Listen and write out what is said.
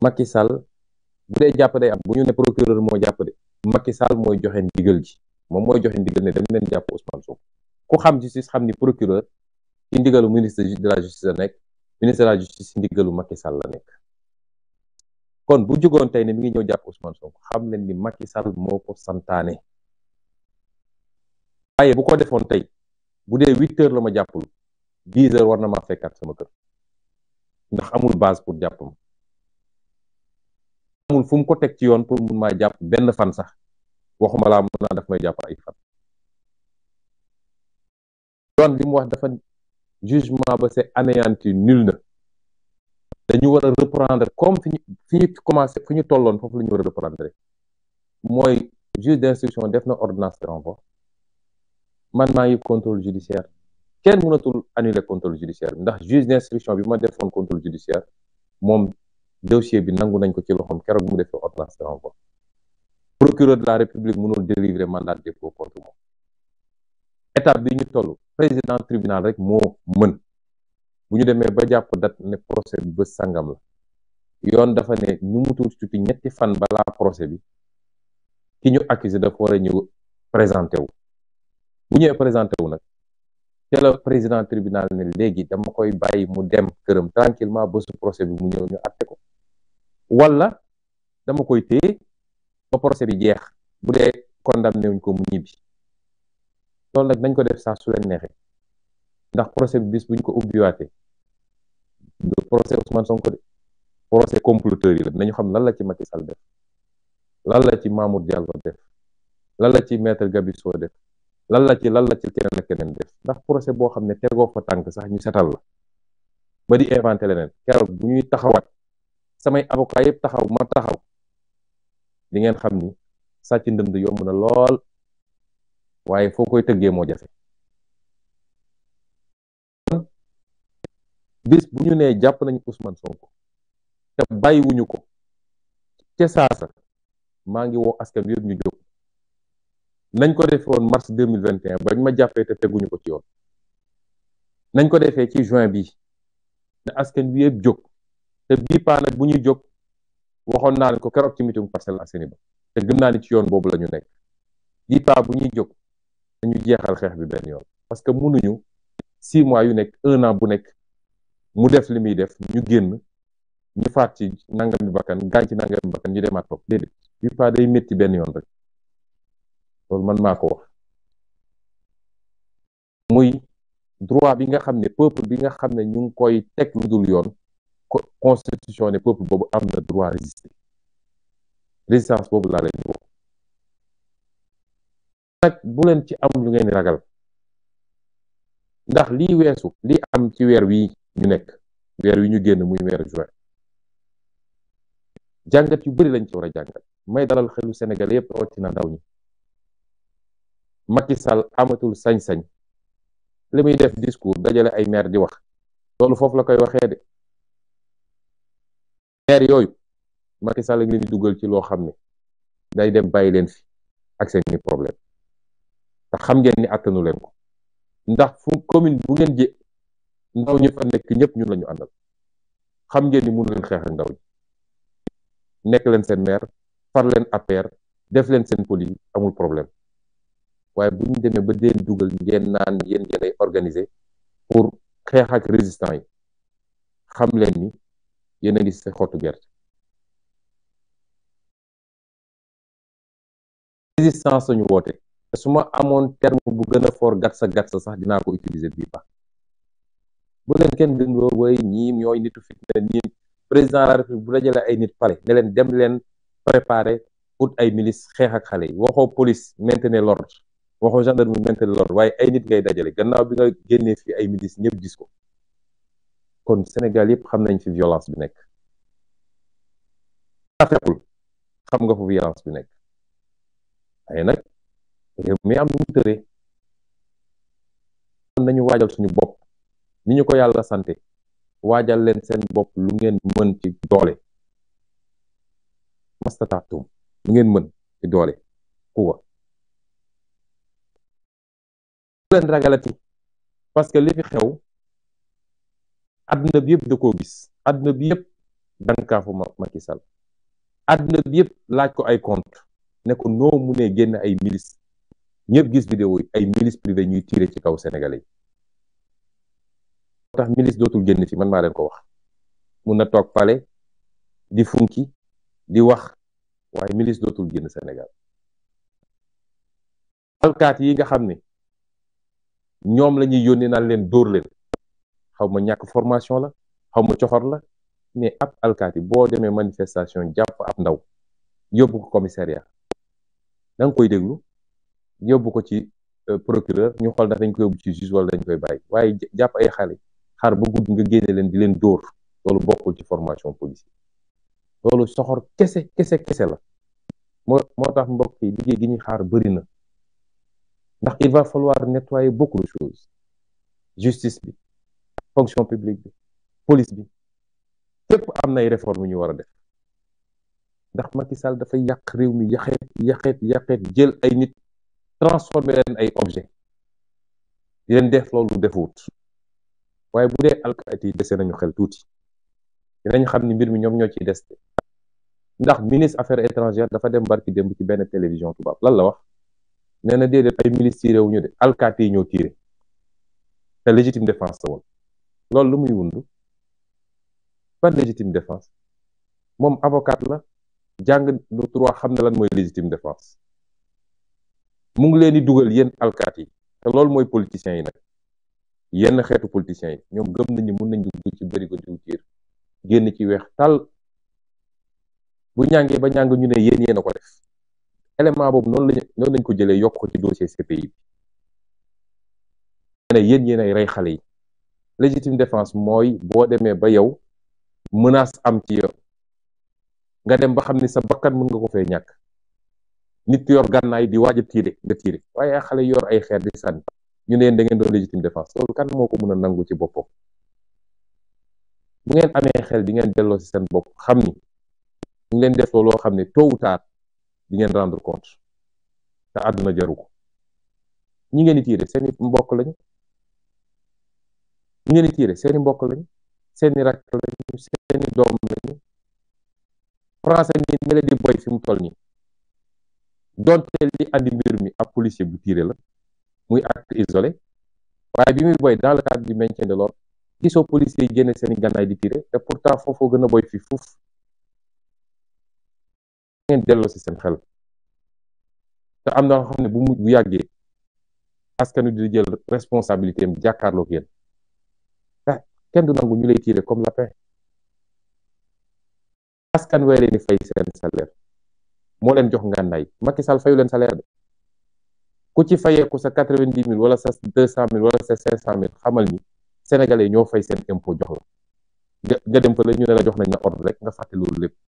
Macky Sall bu dee jàpp day am bu ñu ne procureur moo jàpp de Macky Sall mooy joxe ndigal ji moom mooy joxe ndigal ne dem leen jàpp Ousmane Sonko ku xam justice xam ni procureur ci ndigalu ministre de la justice la nekk ministre de la justice ci ndigalu Macky Sall la nekk kon bu jugoon tey ne mi ngi ñëw jàpp Ousmane Sonko xam leen ni Macky Sall moo ko santaane waaye bu ko defoon tey bu dee huit heures la ma jàppul dix heures war na maa fekkaat sama kër ndax amul base pour jàpp amul mu ko teg ci yoon pour mun maa jàpp benn fan sax waxuma laa mun naa daf may jàpp ay fan yoon li mu wax dafa jugement ba c'est anéanti nul na dañu war a reprendre comme fi ñu fi ñu commencé fi ñu tolloon foofu la ñu war a reprendre mooy juge d'instruction def na ordonnance de renvoi man maa ngi contrôle judiciaire kenn mënatul annuler contrôle judiciaire bi ndax juge d'instruction bi ma defoon contrôle judiciaire moom dossier bi nangu nañ ko ci loxoom keroog mu defee ordonnance ko renvoi procureur de la république mënul délivrer mandat de dépôt contre moom état bi ñu toll président tribunal rek moo mën bu ñu demee ba jàpp date ne procès bi ba sangam la yoon dafa ne nu mu tuuti tuuti ñetti fan balaa procès bi ki ñu accusé dafa war a ñëw présenté wu bu ñëwee présenté wu nag ca la président tribunal ne léegi dama koy bàyyi mu dem këram tranquillement ba su procès bi mu ñëw ñu àtte ko wala dama koy téye ba procès bi jeex bu dee condamné wuñ ko mu ñibbi loolu nag nañ ko def saa su leen neexee ndax procès bi bis buñ ko ubbiwaatee du procès Ousmane Sonko de procès comploteur yi la nañu xam lan la ci Macky Sall def lan la ci Mamour Diallo def lan la ci maître Gabi Sow def lan la ci lan la ci keneen a keneen def ndax procès boo xam ne tegoo fa tànk sax ñu setal la ba di inventé leneen keroog bu ñuy taxawaat. samay avocat yëpp taxaw ma taxaw di ngeen xam ni sàcc ndënd yomb na lool waaye foo koy tëggee moo jafe bis bu ñu nee jàpp nañu Ousmane Sonko te bàyyiwuñu ko te saasa maa ngi woo askan wi yëpp ñu jóg nañ ko defee woon mars deux mille vingt et un bañ ma jàppee te ñu ko ci yoon nañ ko defee ci juin bi na askan wi yëpp jóg te bii nag bu ñuy jóg waxoon naa leen ko keroog ci meeting parce Assainies ba te gëm naa ni ci yoon boobu la ñu nekk bii paa bu ñuy jóg dañu jeexal xeex bi benn yoon parce que mënuñu six mois yu nekk un bu nekk mu def li muy def ñu génn ñu faat ci nangami bakkan gaañ ci nangami bakkan ñu demaat toog déedéet bii paa day métti benn yoon rek loolu man maa ko wax muy droit bi nga xam ne peuple bi nga xam ne ñu ngi koy teg lu yoon constitution ne peuple boobu am na droit résister résistance boobu laa leen woo nag bu leen ci am lu ngeen ragal ndax lii weesu lii am ci weer wi ñu nekk weer wi ñu génn muy weer juin jàngat yu bëri lañ ci war a jàngat may dalal xelu Sénégal yëpp rawatina ndaw ñi Macky Sall amatul sañ-sañ li muy def discours dajale ay mer di wax loolu foofu la koy waxee de maire yooyu Macky Sall ngi leen dugal ci loo xam ne day dem bàyyi leen fi ak seeni problème te xam ngeen ni attanu leen ko ndax fu commune bu ngeen jë ndaw ñi fa nekk ñëpp ñun lañu àndal xam ngeen ni mënu leen xeex ndaw ñi nekk leen seen maire far leen APR def leen seen poli amul problème waaye bu ñu demee ba deen dugal ngeen naan yéen yéen ay organiser pour xeex ak yi xam leen ni yéen a ngi sa xottu gerte résistance lañu woote te su ma amoon terme bu gën a fort gatsa gatsa sax dinaa ko utiliser bii baax bu leen kenn dindoo woy ñii ñooy nitu fitna nii président la république bu dajale ay nit pale ne leen dem leen préparer ut ay milice xeex ak xale yi waxoo police maintenir l'ordre waxoo gendarmerie maintenir l'ordre waaye ay nit ngay dajale gannaaw bi nga génnee fii ay milice ñëpp gis ko kon Sénégal yëpp xam nañ fi violence bi nekk rafetul xam nga fu violence bi nekk waaye nag réew am lu mu tëree nañu waajal suñu bopp nu ñu ko yàlla sante waajal leen seen bopp lu ngeen mën ci doole mastataatum lu ngeen mën ci doole kuwa leen ragalati parce que li fi xew àdduna bi yëpp da koo gis àdduna bi yëpp dankaafu Macky Sall àdduna bi yëpp laaj ko ay compte ne ko noo munee génn ay milice ñëpp gis vidéo yi ay milice privé ñuy tiré ci kaw Sénégalais yi tax milice dootul génn fi man maa leen ko wax mun a toog pale di funki di wax waaye milice dootul génn Sénégal alkaat yi nga xam ne ñoom lañuy ñuy yónnee naan leen dóor leen xaw ma ñàkk formation la xaw ma coxor la mais ab alkaati boo demee manifestation jàpp ab ndaw yóbbu ko commissariat da nga koy déglu yóbbu ko ci euh, procureur ñu xool ndax dañ koy yóbbu ci juge wala dañ koy bàyyi waaye jàpp ay xale xaar ba gudd nga génne leen di leen dóor loolu bokkul ci formation policier loolu soxor kese kese kese la moo moo tax mbokk yi liggéey gi ñuy xaar bëri na ndax il va falloir nettoyer beaucoup de justice bi fonction publique bi police bi yépp am nay réforme ñu war a def ndax Macky Sall dafa yàq réew mi yaxeet yaxeet yaxeet jël ay nit transformer leen ay objet di leen def loolu defuwut waaye bu dee alkaati yi dese nañu xel tuuti dinañ xam ni mbir mi ñoom ñoo ciy des ndax ministre affaires étrangères dafa dem barki démb ci benn télévision tubaab lan la wax nee na déedéet ay milice tiré wu ñu de alkaati ñoo tiré te légitime défense la woon loolu lu muy wundu ban légitime défense moom avocat la jàng lu droit xam ne lan mooy légitime défense mu ngi leen di dugal yenn alkaat yi te loolu mooy politiciens yi nag yenn xeetu politiciens yi ñoom gëm nañu mun nañ dugg ci bëri ko diw génn ci weex tal bu ñàngee ba ñàng ñu ne yéen yéen a ko def élément boobu noonu lañ noonu lañ ko jëlee yokk ko ci dossier CPI bi ne yéen yéen ay rey xale yi légitime défense mooy boo demee ba yow mënaas am ci yow nga dem ba xam ni sa bakkan mën nga ko fee ñàkk nit yor gànnaay bi waaj a tiire nga tiire waaye xale yor ay xeer di sànni ñu ne yéen da ngeen doon légitime défense loolu kan moo ko mën a nangu ci boppam bu ngeen amee xel di ngeen delloo si seen bopp xam ni ñu leen def loo xam ne tôt ou tard di ngeen rendre compte te àdduna jaru ko ñi ngeen di tiire seen mbokk lañu ñu leen di tiire seen mbokk lañ seeni i rakk lañ seen i doom lañ français ni ne di boy fi mu toll nii donte li andi mbir mi ab policier bu tiire la muy acte isolé waaye bi muy boy dans le cadre du maintien de l'ordre policier yi génne seeni i gànnaay di tiire te pourtant foofoo gën a boy fi fuuf ngeen delloo si seen xel te am na loo xam ne bu mujj bu yàggee askan wi di jël responsabilité am jàkkaarloog yéen kenn du nangu ñu lay tirer comme lapin askan wee leen di fay seen salaire moo leen jox ngànnaay Macky Sall fayu leen salaire bi ku ci fayeeku sa quatre-vingt-dix mille wala sa deux cent mille wala sa cinq cent mille xamal ni sénégalais ñoo fay seen impôt jox la nga dem fa la ñu ne la jox nañ na ordre rek nga fàtte loolu lépp